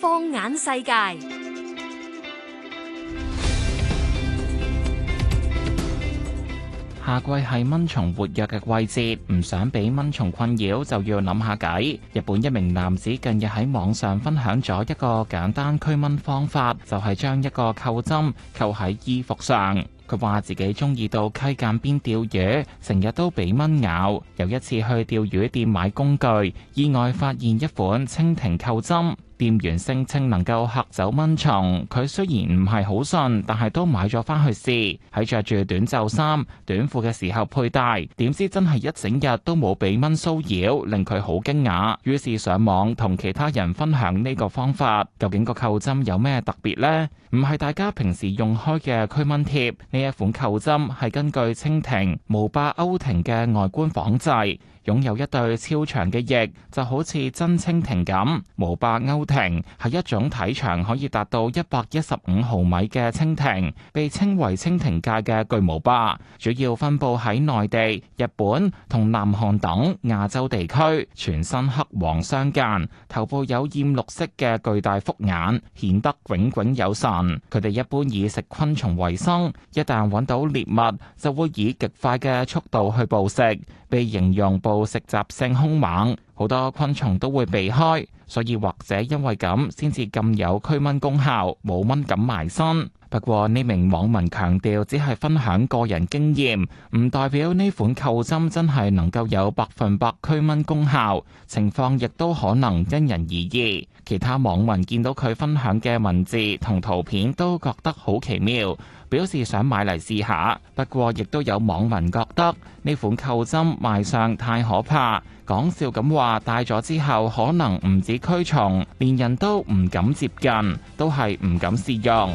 放眼世界，夏季係蚊蟲活躍嘅季節，唔想俾蚊蟲困擾，就要諗下計。日本一名男子近日喺網上分享咗一個簡單驅蚊方法，就係將一個扣針扣喺衣服上。佢話自己鍾意到溪澗邊釣魚，成日都俾蚊咬。有一次去釣魚店買工具，意外發現一款蜻蜓扣針。店員聲稱能夠嚇走蚊蟲，佢雖然唔係好信，但係都買咗翻去試。喺着住短袖衫、短褲嘅時候佩戴，點知真係一整日都冇俾蚊騷擾，令佢好驚訝，於是上網同其他人分享呢個方法。究竟個扣針有咩特別呢？唔係大家平時用開嘅驅蚊貼，呢一款扣針係根據蜻蜓、無霸歐蜓嘅外觀仿製，擁有一對超長嘅翼，就好似真蜻蜓咁。無霸歐蜓係一種體長可以達到一百一十五毫米嘅蜻蜓，被稱為蜻蜓界嘅巨無霸，主要分布喺內地、日本同南韓等亞洲地區。全身黑黃相間，頭部有豔綠色嘅巨大複眼，顯得炯炯有神。佢哋一般以食昆蟲為生，一旦揾到獵物，就會以極快嘅速度去捕食，被形容捕食習性兇猛。好多昆蟲都會避開，所以或者因為咁，先至咁有驅蚊功效，冇蚊敢埋身。不過呢名網民強調，只係分享個人經驗，唔代表呢款扣針真係能夠有百分百驅蚊功效。情況亦都可能因人而異。其他網民見到佢分享嘅文字同圖片，都覺得好奇妙，表示想買嚟試下。不過，亦都有網民覺得呢款扣針賣相太可怕，講笑咁話，戴咗之後，可能唔止驅蟲，連人都唔敢接近，都係唔敢試用。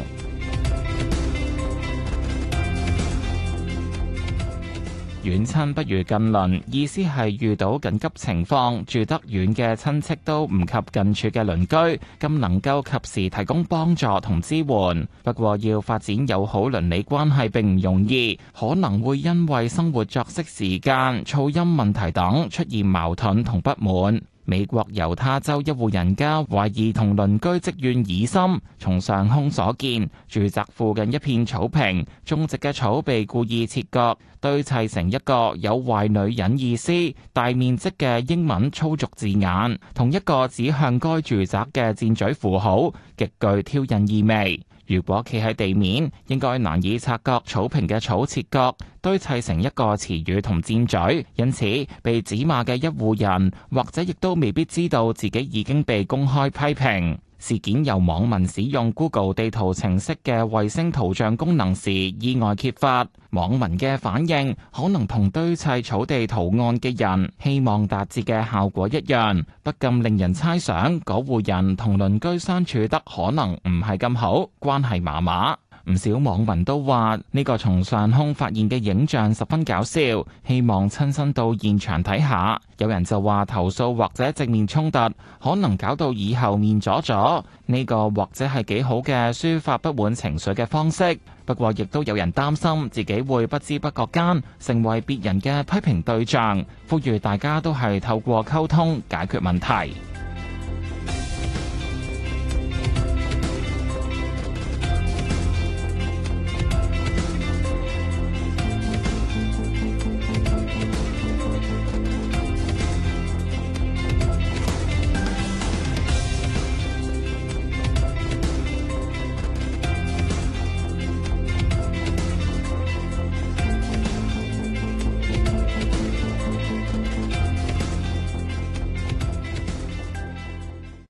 遠親不如近鄰，意思係遇到緊急情況，住得遠嘅親戚都唔及近處嘅鄰居，咁能夠及時提供幫助同支援。不過，要發展友好鄰里關係並唔容易，可能會因為生活作息時間、噪音問題等出現矛盾同不滿。美國猶他州一戶人家懷疑同鄰居積怨已深，從上空所見，住宅附近一片草坪，種植嘅草被故意切割，堆砌成一個有壞女人意思、大面積嘅英文粗俗字眼，同一個指向該住宅嘅箭咀符號，極具挑釁意味。如果企喺地面，應該難以察覺草坪嘅草切割堆砌成一個詞語同箭嘴，因此被指罵嘅一戶人，或者亦都未必知道自己已經被公開批評。事件由網民使用 Google 地圖程式嘅衛星圖像功能時意外揭發，網民嘅反應可能同堆砌草地圖案嘅人希望達至嘅效果一樣，不禁令人猜想嗰戶人同鄰居相處得可能唔係咁好，關係麻麻。唔少網民都話呢個從上空發現嘅影像十分搞笑，希望親身到現場睇下。有人就話投訴或者正面衝突，可能搞到以後面阻咗。呢個或者係幾好嘅抒發不滿情緒嘅方式，不過亦都有人擔心自己會不知不覺間成為別人嘅批評對象。呼籲大家都係透過溝通解決問題。